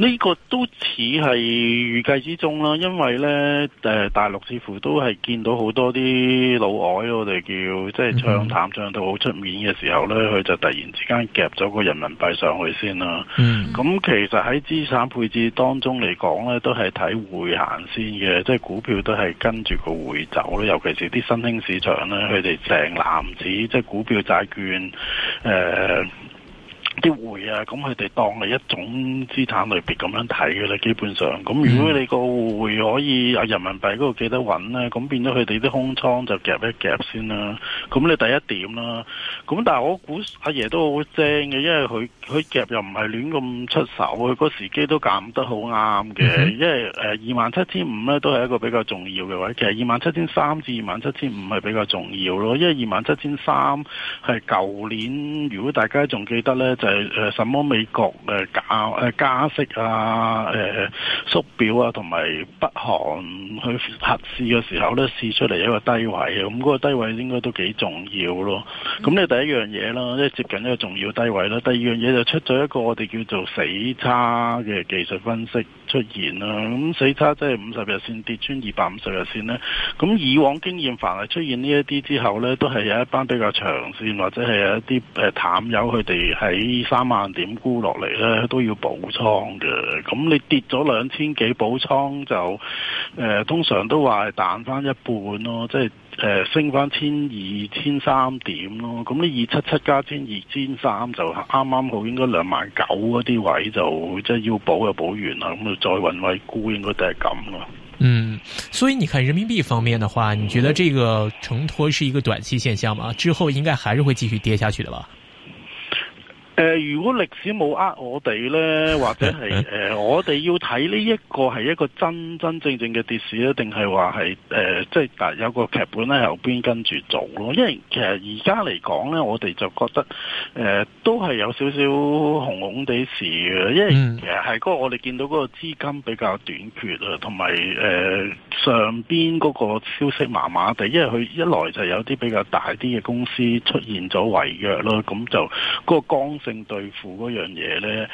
呢個都似係預計之中啦，因為呢、呃、大陸似乎都係見到好多啲老外，我哋叫、mm hmm. 即係唱淡唱到好出面嘅時候呢，佢就突然之間夾咗個人民幣上去先啦。咁、mm hmm. 其實喺資產配置當中嚟講呢，都係睇匯行先嘅，即係股票都係跟住個匯走啦，尤其是啲新興市場呢，佢哋成籃子，即係股票債券，呃啲匯啊，咁佢哋當係一種資產類別咁樣睇嘅咧，基本上咁如果你個匯可以啊、嗯、人民幣嗰度記得揾咧，咁變咗佢哋啲空倉就夾一夾先啦。咁你第一點啦，咁但係我估阿爺，爺都好精嘅，因為佢佢夾又唔係亂咁出手，佢嗰時機都揀得好啱嘅。嗯、因為二萬七千五咧都係一個比較重要嘅位，其實二萬七千三至二萬七千五係比較重要咯，因為二萬七千三係舊年如果大家仲記得咧就。誒什麼美國誒加誒加息啊，誒、呃、縮表啊，同埋北韓去核試嘅時候咧，試出嚟一個低位嘅，咁、那、嗰個低位應該都幾重要咯。咁你第一樣嘢啦，即係接近一個重要低位啦。第二樣嘢就出咗一個我哋叫做死叉嘅技術分析。出現啦，咁死叉即係五十日線跌穿二百五十日線呢。咁以往經驗，凡係出現呢一啲之後呢，都係有一班比較長線或者係有一啲誒淡友，佢哋喺三萬點沽落嚟呢，都要補倉嘅。咁你跌咗兩千幾補倉就、呃、通常都話係彈翻一半咯，即係。誒，升翻千二千三點咯，咁呢二七七加千二千三就啱啱好，應該兩萬九嗰啲位就即係要補就補完啦，咁就再運位估應該都係咁咯。嗯，所以你看人民幣方面的話，你覺得這個承托是一個短期現象嗎？之後應該還是會繼續跌下去的吧？誒、呃，如果歷史冇呃我哋咧，或者係誒、呃，我哋要睇呢一個係一個真真正正嘅跌市啊定係話係誒，即係但有個劇本喺後邊跟住做咯。因為其實而家嚟講咧，我哋就覺得誒、呃，都係有少少紅紅地市嘅。因為其實係嗰個我哋見到嗰個資金比較短缺啊，同埋誒上邊嗰個消息麻麻地，因為佢一來就有啲比較大啲嘅公司出現咗違約咯，咁就嗰個剛性正對付嗰樣嘢呢，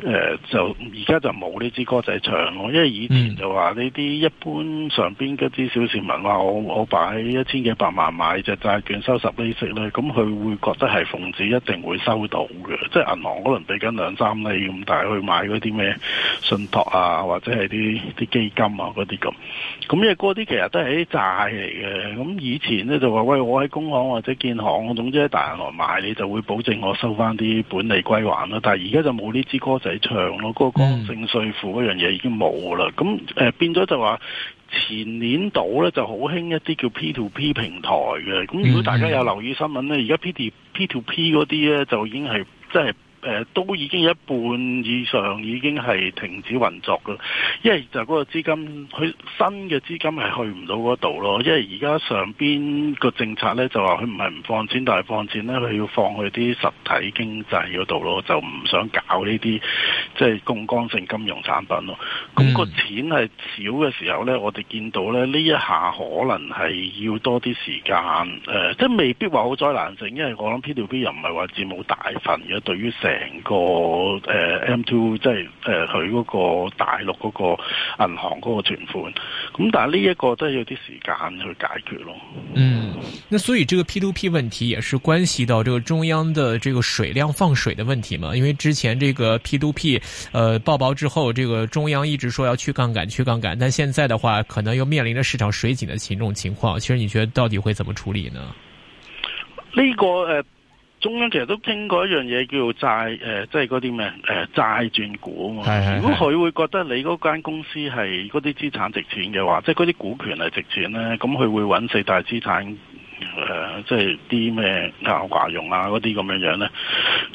誒、呃、就而家就冇呢支歌仔、就是、唱咯，因為以前就話呢啲一般上邊嗰啲小市民話我我擺一千幾百萬買隻債券收十釐息呢，咁佢會覺得係奉旨一定會收到嘅，即係銀行可能俾緊兩三釐咁大去買嗰啲咩信託啊或者係啲啲基金啊嗰啲咁，咁因為啲其實都係啲債嚟嘅，咁以前呢，就話喂我喺工行或者建行總之喺大銀行買，你就會保證我收翻啲本。嚟歸還啦，但係而家就冇呢支歌仔唱咯，個剛性稅負嗰樣嘢已經冇啦，咁誒變咗就話前年度咧就好興一啲叫 P to P 平台嘅，咁如果大家有留意新聞咧，而家 P to P to P 嗰啲咧就已經係真係。誒都已經有一半以上已經係停止運作噶，因為就嗰個資金，佢新嘅資金係去唔到嗰度咯。因為而家上邊個政策咧就話佢唔係唔放錢，但係放錢咧佢要放去啲實體經濟嗰度咯，就唔想搞呢啲即係槓桿性金融產品咯。咁、嗯、個錢係少嘅時候咧，我哋見到咧呢這一下可能係要多啲時間，誒、呃，即係未必話好災難性，因為我諗 P2P 又唔係話冇大份嘅，對於成個 M two 即係佢嗰個大陸嗰個銀行嗰個存款，咁但係呢一個都係要啲時間去解決咯。嗯，所以這個 P two P 問題也是關係到這個中央的這個水量放水的問題嘛？因為之前這個 P two P 呃爆煲之後，這個中央一直說要去槓桿，去槓桿，但現在的話可能又面臨着市場水井的這種情況。其實你覺得到底會怎麼處理呢？呢、這個、呃中央其實都傾過一樣嘢，叫做債誒，即係嗰啲咩誒債轉股啊嘛是如果佢會覺得你嗰間公司係嗰啲資產值錢嘅話，即係嗰啲股權係值錢呢，咁佢會揾四大資產誒、呃，即係啲咩亞華融啊嗰啲咁樣樣咧。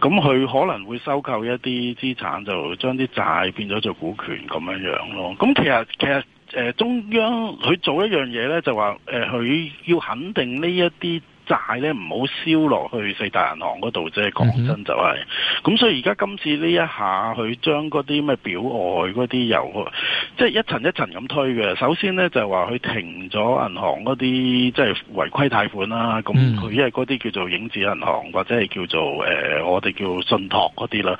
咁佢可能會收購一啲資產，就將啲債變咗做股權咁樣樣咯。咁其實其實、呃、中央佢做一樣嘢呢，就話佢、呃、要肯定呢一啲。債咧唔好燒落去四大銀行嗰度，即係講真就係、是。咁、mm hmm. 所以而家今次呢一下，佢將嗰啲咩表外嗰啲又即係一層一層咁推嘅。首先呢就話佢停咗銀行嗰啲即係違規貸款啦。咁佢因為嗰啲叫做影子銀行或者係叫做誒、呃、我哋叫信託嗰啲啦。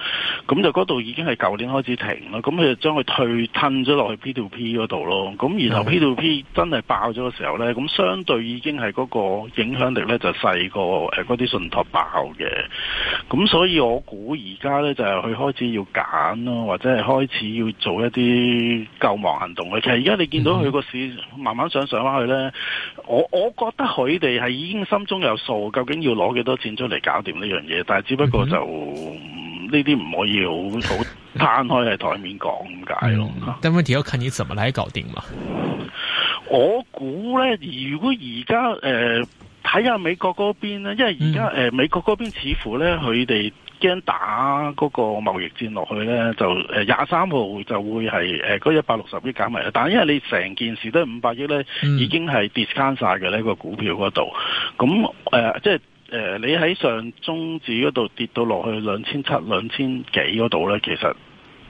咁就嗰度已經係舊年開始停啦。咁佢就將佢退吞咗落去 P2P 嗰度咯。咁然後 P2P 真係爆咗嘅時候呢，咁相對已經係嗰個影響力呢。就細個誒，嗰啲信託爆嘅，咁所以我估而家咧就係、是、佢開始要揀咯，或者係開始要做一啲救亡行動咯。其實而家你見到佢個市、嗯、慢慢上上翻去咧，我我覺得佢哋係已經心中有數，究竟要攞幾多錢出嚟搞掂呢樣嘢，但係只不過就呢啲唔可以好好攤開喺台面講咁解咯。但問題、嗯、要看你怎麼來搞定嘛？我估咧，如果而家誒。呃喺啊，哎，美國嗰邊咧，因為而家誒美國嗰邊似乎咧，佢哋驚打嗰個貿易戰落去咧，就誒廿三號就會係誒嗰一百六十億減埋啦。但係因為你成件事都係五百億咧，已經係跌慘曬嘅呢、那個股票嗰度。咁誒、呃、即係誒、呃、你喺上中指嗰度跌到落去兩千七兩千幾嗰度咧，其實。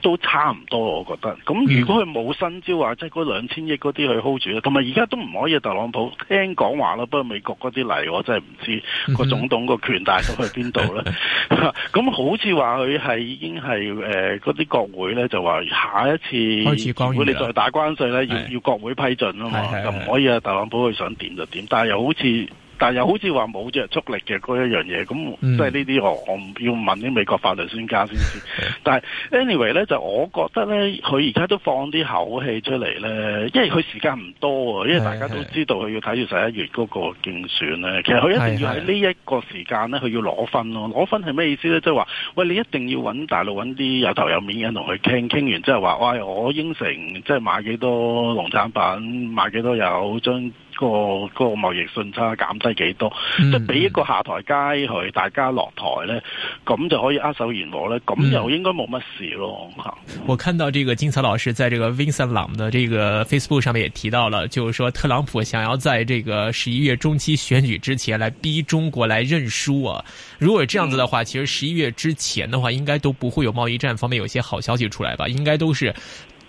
都差唔多，我覺得。咁如果佢冇新招，話即係嗰兩千億嗰啲去 hold 住，同埋而家都唔可以啊，特朗普聽講話啦，不過美國嗰啲嚟，我真係唔知個、嗯、哼總統個權大咗去邊度咧。咁 好似話佢係已經係誒嗰啲國會咧，就話下一次開始講，如果你再打關稅咧，是要要國會批准啊嘛，是的 就唔可以啊，的特朗普佢想點就點，但係又好似。但又好似話冇只足力嘅嗰一樣嘢，咁、嗯、即係呢啲我我要問啲美國法律專家先知。 但係 anyway 咧，就我覺得咧，佢而家都放啲口氣出嚟咧，因為佢時間唔多啊，因為大家都知道佢要睇住十一月嗰個競選咧。是是其實佢一定要喺呢一個時間咧，佢要攞分咯。攞分係咩意思咧？即係話，喂，你一定要揾大陸揾啲有頭有面嘅人同佢傾，傾完之後話，喂、哎，我應承，即、就、係、是、買幾多農產品，買幾多有樽。將這個、這個貿易順差減低幾多？即係俾一個下台階去，大家落台呢，咁就可以握手言和呢。咁又應該冇乜事咯、嗯、是我看到這個金曹老師在這個 Vincent Lam 的這個 Facebook 上面也提到了，就是說特朗普想要在這個十一月中期選舉之前來逼中國來認輸啊。如果這樣子的話，其實十一月之前的話，應該都不會有貿易戰方面有些好消息出來吧？應該都是。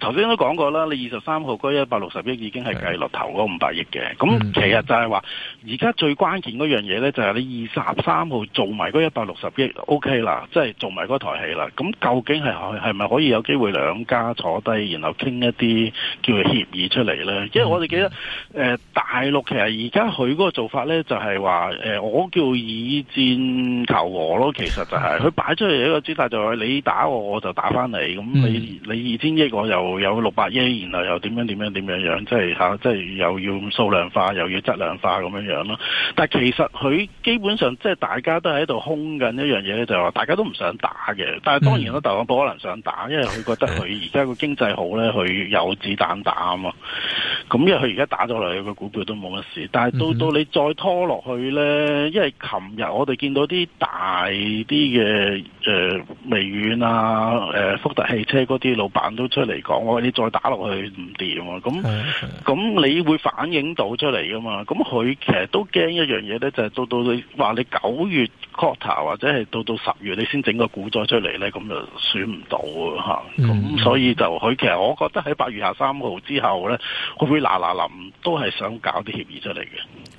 頭先都講過啦，你二十三號嗰一百六十億已經係計落頭嗰五百億嘅，咁其實就係話，而家最關鍵嗰樣嘢呢，就係你二十三號做埋嗰一百六十億，OK 啦，即係做埋嗰台戲啦。咁究竟係係咪可以有機會兩家坐低，然後傾一啲叫做協議出嚟呢？因為我哋記得、呃、大陸其實而家佢嗰個做法呢，就係話、呃、我叫以戰求和咯，其實就係佢擺出嚟一個姿態，就係你打我，我就打翻你，咁你你二千億，我又。有六百億，然後又點樣點樣點樣樣，即係嚇、啊，即係又要數量化，又要質量化咁樣樣咯。但係其實佢基本上即係大家都喺度空緊一樣嘢咧，就係話大家都唔想打嘅。但係當然啦，特朗普可能想打，因為佢覺得佢而家個經濟好咧，佢有子彈打啊嘛。咁因為佢而家打咗落去個股票都冇乜事，但係到到你再拖落去咧，因為琴日我哋見到啲大啲嘅。誒、呃，微軟啊，誒、呃，福特汽車嗰啲老闆都出嚟講，我話你再打落去唔掂啊，咁咁你會反映到出嚟噶嘛？咁佢其實都驚一樣嘢咧，就係、是、到到你話你九月 quarter 或者係到到十月你先整個股災出嚟咧，咁就選唔到啊吓，咁、嗯、所以就佢其實我覺得喺八月廿三號之後咧，佢會嗱嗱臨都係想搞啲協議出嚟嘅。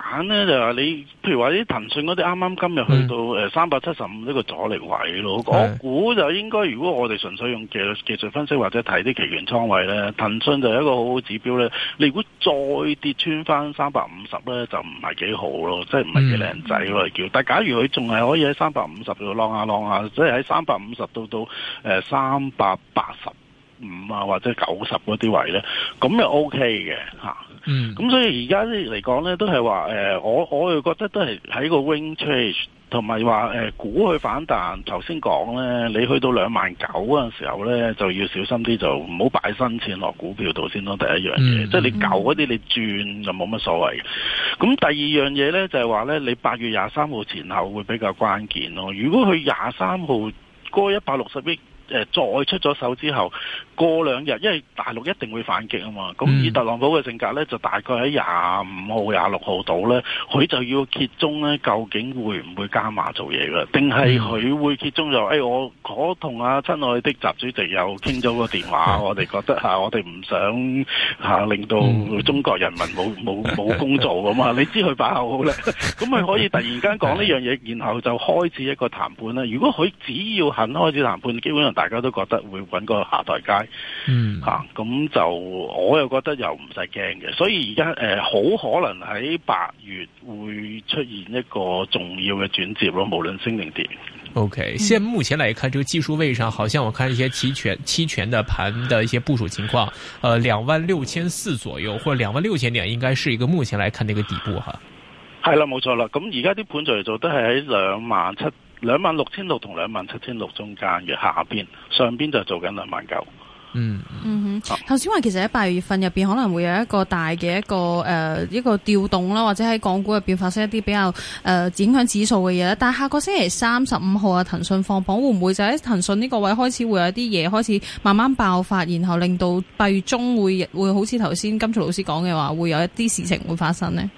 揀咧就話你，譬如話啲騰訊嗰啲，啱啱今日去到誒三百七十五呢個阻力位咯。嗯、我估就應該，如果我哋純粹用技技術分析或者睇啲期權倉位咧，騰訊就係一個好好指標咧。你如果再跌穿翻三百五十咧，嗯、就唔係幾好咯，即係唔係幾靚仔咯嚟叫。但係假如佢仲係可以喺三百五十度浪下浪下，即係喺三百五十度到誒三百八十五啊，或者九十嗰啲位咧，咁就 O K 嘅吓嗯，咁所以而家咧嚟講咧，都係話誒，我我又覺得都係喺個 wing change 同埋話誒股去反彈。頭先講咧，你去到兩萬九嗰陣時候咧，就要小心啲，就唔好擺新錢落股票度先咯。第一樣嘢，即係、嗯、你舊嗰啲你轉就冇乜所謂。咁第二樣嘢咧就係話咧，你八月廿三號前後會比較關鍵咯。如果佢廿三號過一百六十億。那個誒再出咗手之後，過兩日，因為大陸一定會反擊啊嘛。咁、嗯、以特朗普嘅性格咧，就大概喺廿五號、廿六號到咧，佢就要揭盅咧，究竟會唔會加碼做嘢啦？定係佢會揭盅？就、哎、誒，我我同阿親愛的習主席又傾咗個電話，我哋覺得、啊、我哋唔想、啊、令到中國人民冇冇冇工做咁嘛。你知佢把口好叻，咁 佢、嗯、 可以突然間講呢樣嘢，然後就開始一個談判啦。如果佢只要肯開始談判，基本上。大家都覺得會搵個下台階，嚇咁、嗯啊、就我又覺得又唔使驚嘅，所以而家誒好可能喺八月會出現一個重要嘅轉折咯，無論升定跌。O、okay, K，現目前嚟看，這個技術位上，嗯、好像我看一些期權期權的盤的一些部署情況，呃，兩萬六千四左右，或者兩萬六千點，應該是一個目前來看那個底部哈。係啦，冇錯啦，咁而家啲盤做嚟做都係喺兩萬七。兩萬六千六同兩萬七千六中間嘅下邊，上邊就做緊兩萬九。嗯嗯哼，頭先話其實喺八月份入邊可能會有一個大嘅一個誒、呃、一個調動啦，或者喺港股入邊發生一啲比較誒影響指數嘅嘢咧。但係下個星期三十五號啊，騰訊放榜會唔會就喺騰訊呢個位開始會有一啲嘢開始慢慢爆發，然後令到八月中會會，會好似頭先金曹老師講嘅話，會有一啲事情會發生呢？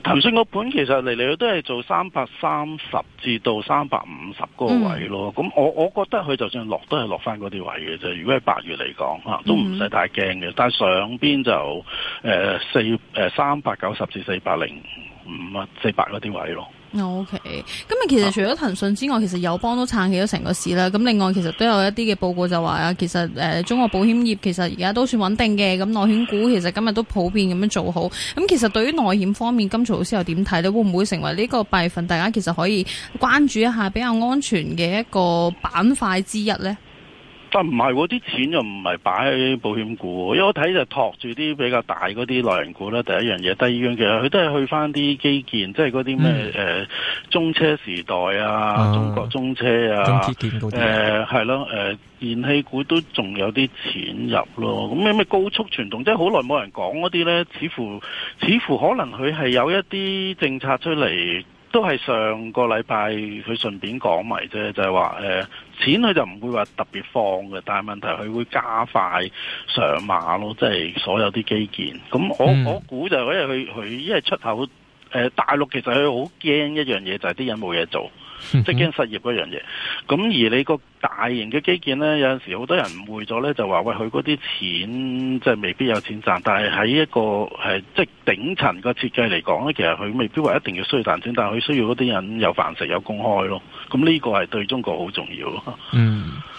騰訊個盤其實嚟嚟去都係做三百三十至到三百五十個位咯，咁、嗯、我我覺得佢就算落都係落翻嗰啲位嘅啫。如果係八月嚟講啊，都唔使太驚嘅。但係上邊就誒四誒三百九十至四百零五啊，四百嗰啲位咯。O、okay, K，今日其實除咗騰訊之外，啊、其實友邦都撐起咗成個市啦。咁另外其實都有一啲嘅報告就話啊，其實誒、呃、中國保險業其實而家都算穩定嘅。咁內險股其實今日都普遍咁樣做好。咁其實對於內險方面，金曹老師又點睇呢？會唔會成為呢個備份？大家其實可以關注一下比較安全嘅一個板塊之一呢。啊，唔係喎，啲錢又唔係擺喺保險股，因為我睇就托住啲比較大嗰啲內銀股啦。第一樣嘢，第二樣嘢，佢都係去翻啲基建，即係嗰啲咩誒中車時代啊，中國、啊、中車啊，誒係咯，誒、呃、燃氣股都仲有啲錢入咯。咁咩咩高速傳動？即係好耐冇人講嗰啲咧，似乎似乎可能佢係有一啲政策出嚟。都係上個禮拜佢順便講埋啫，就係話誒錢佢就唔會話特別放嘅，但係問題佢會加快上馬咯，即係所有啲基建。咁我、嗯、我估就因為佢佢因為出口誒大陸其實佢好驚一樣嘢，就係啲人冇嘢做。即係驚失業嗰樣嘢，咁而你個大型嘅基建呢，有陣時好多人誤會咗呢，就話喂，佢嗰啲錢即係、就是、未必有錢賺，但係喺一個係即係頂層個設計嚟講呢，其實佢未必話一定要需要賺錢，但係佢需要嗰啲人有飯食，有工開咯。咁呢個係對中國好重要。嗯。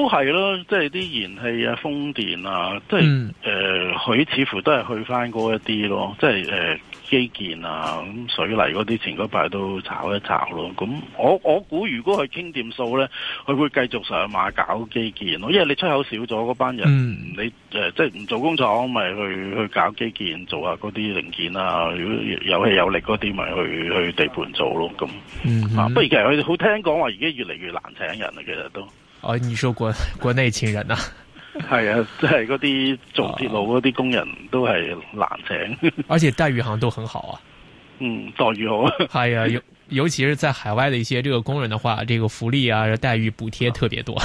都係咯，即係啲燃氣啊、風電啊，即係誒，佢、嗯呃、似乎都係去翻嗰一啲咯。即係誒、呃，基建啊，咁水泥嗰啲前嗰排都炒一炒咯。咁我我估如果佢傾掂數咧，佢會繼續上馬搞基建咯。因為你出口少咗，嗰班人、嗯、你誒、呃，即係唔做工廠，咪去去搞基建，做下嗰啲零件啊。如果有氣有力嗰啲，咪去去地盤做咯。咁、嗯哼啊、不如其實佢哋好聽講話，而家越嚟越難請人啦。其實都。哦，你說國國內請人啊？係 啊，即係嗰啲做鐵路嗰啲工人都係難請，而且待遇好像都很好啊。嗯，待遇好。係 啊、哎，尤尤其是在海外的一些這個工人的話，這個福利啊、待遇補貼特別多。啊。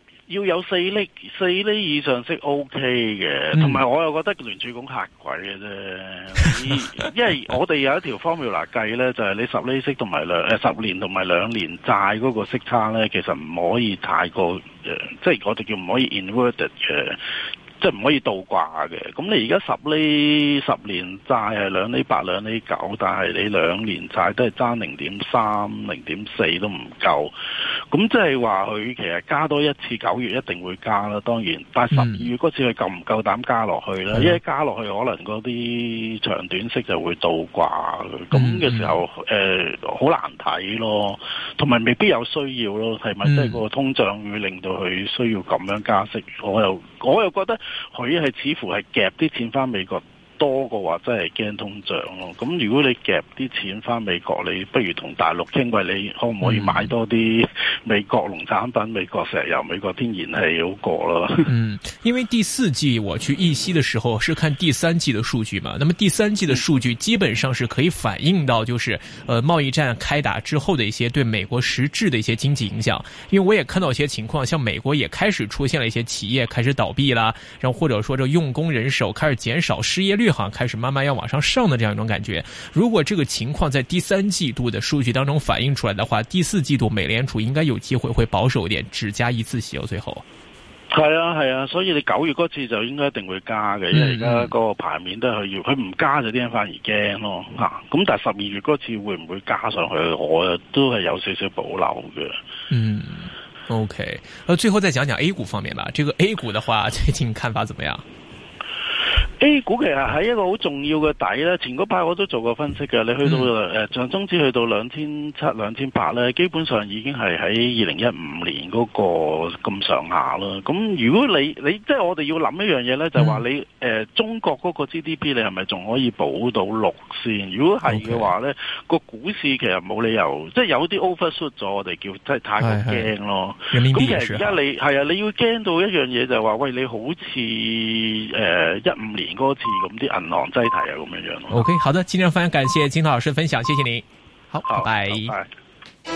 要有四厘、四厘以上息 OK 嘅，同埋、嗯、我又覺得聯儲局嚇鬼嘅啫， 因為我哋有一條 formula 計呢，就係、是、你十厘息同埋兩誒、呃、十年同埋兩年債嗰個息差呢，其實唔可以太過，呃、即係我哋叫唔可以 inverted 嘅。呃即係唔可以倒掛嘅，咁你而家十厘十年債係兩厘八兩厘九，但係你兩年債都係爭零點三零點四都唔夠，咁即係話佢其實加多一次九月一定會加啦，當然，但係十二月嗰次佢夠唔夠膽加落去咧？嗯、因為加落去可能嗰啲長短息就會倒掛，咁嘅、嗯、時候誒好、嗯呃、難睇咯，同埋未必有需要咯，係咪？即係、嗯、個通脹會令到佢需要咁樣加息，我又我又覺得。佢係似乎係夾啲錢返美國多過話真係驚通脹咯。咁如果你夾啲錢返美國，你不如同大陸，傾，喂你可唔可以買多啲美國農產品、美國石油、美國天然氣好過咯？嗯，因為第四季我去預期的時候是看第三季的數據嘛。那麼第三季的數據基本上是可以反映到，就是呃貿易戰開打之後的一些對美國實質的一些經濟影響。因為我也看到一些情況，像美國也開始出現了一些企業開始倒閉啦，然後或者說這用工人手開始減少，失業率。好像開始慢慢要往上上的這樣一種感覺。如果這個情況在第三季度的數據當中反映出來的話，第四季度美聯儲應該有機會會保守一點，只加一次息，哦。最後，係啊係啊，所以你九月嗰次就應該一定會加嘅，因為而家嗰個牌面都係要，佢唔加就啲人反而驚咯，咁，啊，但係十二月嗰次會唔會加上去，我都係有少少保留嘅。嗯，OK，呃，然後最後再講講 A 股方面吧。這個 A 股的話，最近看法怎麼樣？A 股其實喺一個好重要嘅底咧，前嗰排我都做過分析嘅。你去到誒、嗯呃、上中指去到兩千七、兩千八咧，基本上已經係喺二零一五年嗰個咁上下啦。咁如果你你即係我哋要諗一樣嘢咧，就係話、是就是、你誒、嗯呃、中國嗰個 GDP 你係咪仲可以補到六先？如果係嘅話咧，Okay. 個股市其實冇理由，即係有啲 overshoot 咗，我哋叫即係太過驚咯。咁、哎哎、其實而家你係啊，你要驚到一樣嘢就係話、是、喂，你好似誒、呃五年嗰次咁啲銀行擠提啊咁樣樣咯。O、okay, K，好的，今日非常感謝金曹老師分享，謝謝你。好，拜拜好。bye